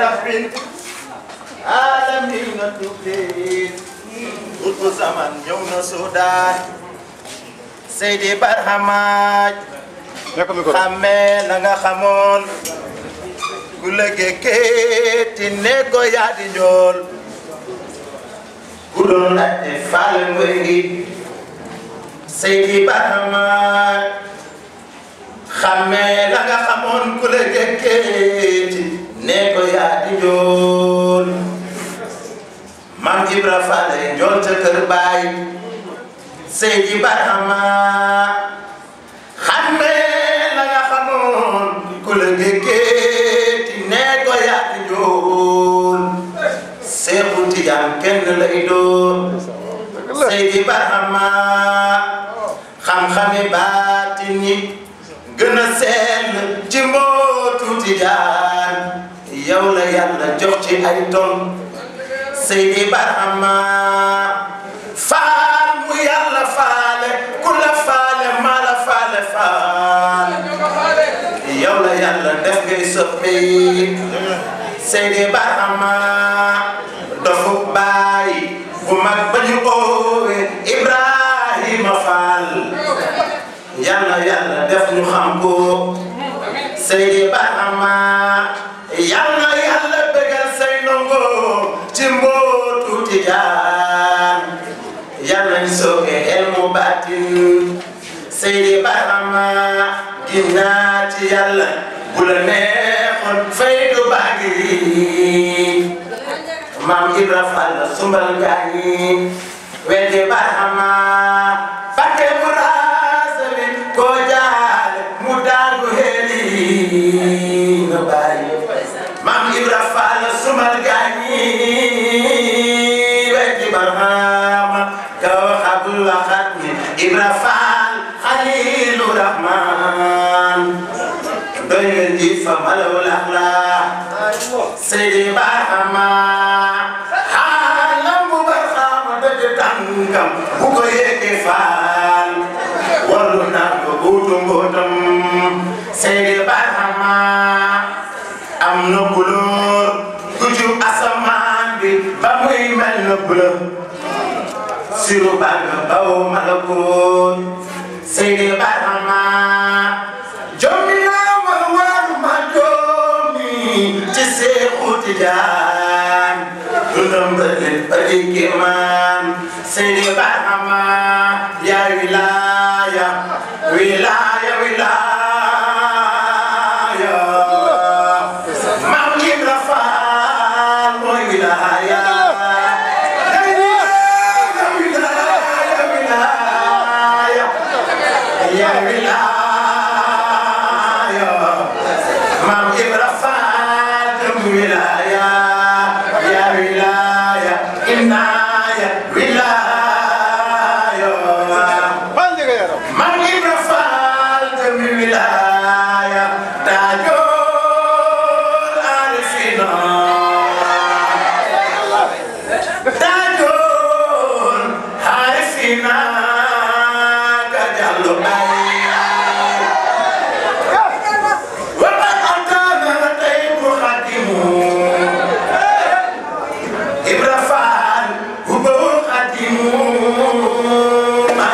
رب العالمين الدبلين قلت زمن يوم السودان سيدي برحماج xamee la nga xamoon ku lëggee ti néego yaa di njool ku doon laajte faal ngoy Seydi Barhama xamee la nga xamoon ku lëggee ne ko di jool maam Ibra Fall jool ca kër baay Seydi Barhama xamme la nga xamoon ku la gékkeeti ne ko di jool Seexu Tijaan kenn lay doon Seydi Barhama xam-xami baati nit gën a seen ci mbootu Tijaan yow la yàlla jox ci ay ton Seydi faal mu yàlla faale ku la faale maa la faale faal yow la yàlla def ngay soppi Seydi Barhama dofu baay bu mag ba ñu oowe Ibrahima Faal yàlla yàlla def ñu xam ko Seydi Barhama yal na yàlla bëggal say ndongo ci mbootu tijaan yal nañ sooke elmu baatin Seydi Barama ginnaa ci yàlla bu la neexoon faydu baagiri maam Ibra Fall sumbal gaañi weddi Barama الإمام كوكب الختم إبرة فال خليل الرحمن دنيا دي فمالو الأخلاق سيدي برحمن Seexu Tijaan du lëmb nit ba di kéemaan Seydi Barhama yaa wilaaya wilaaya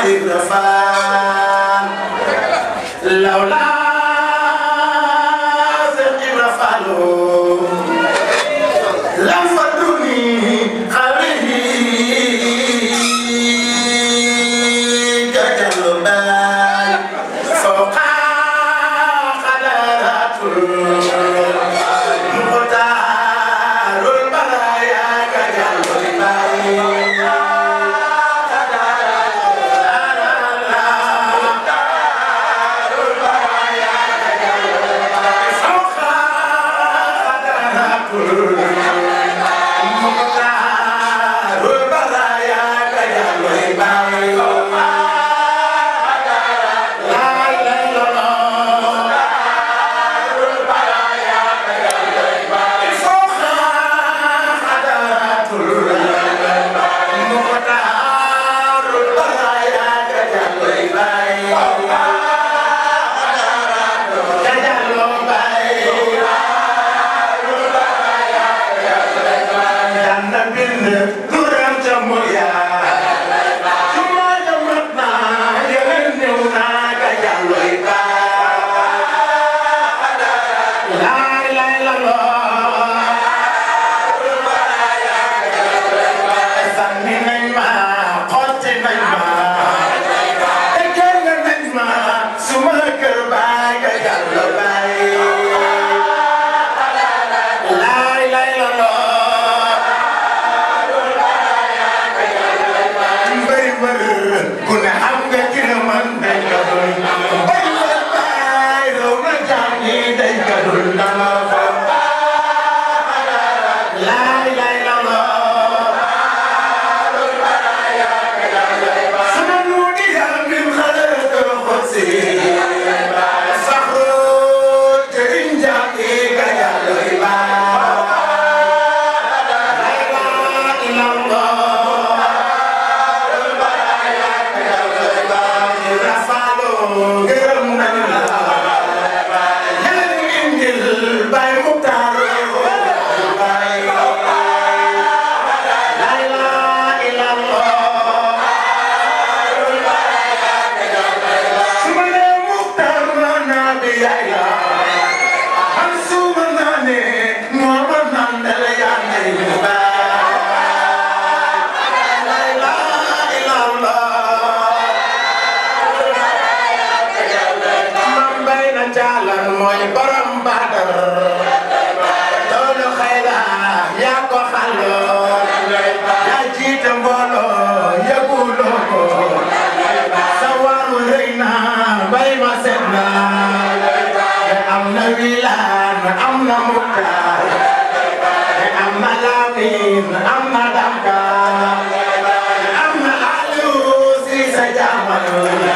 egrafar bind du ram ca mooy yaa mọi người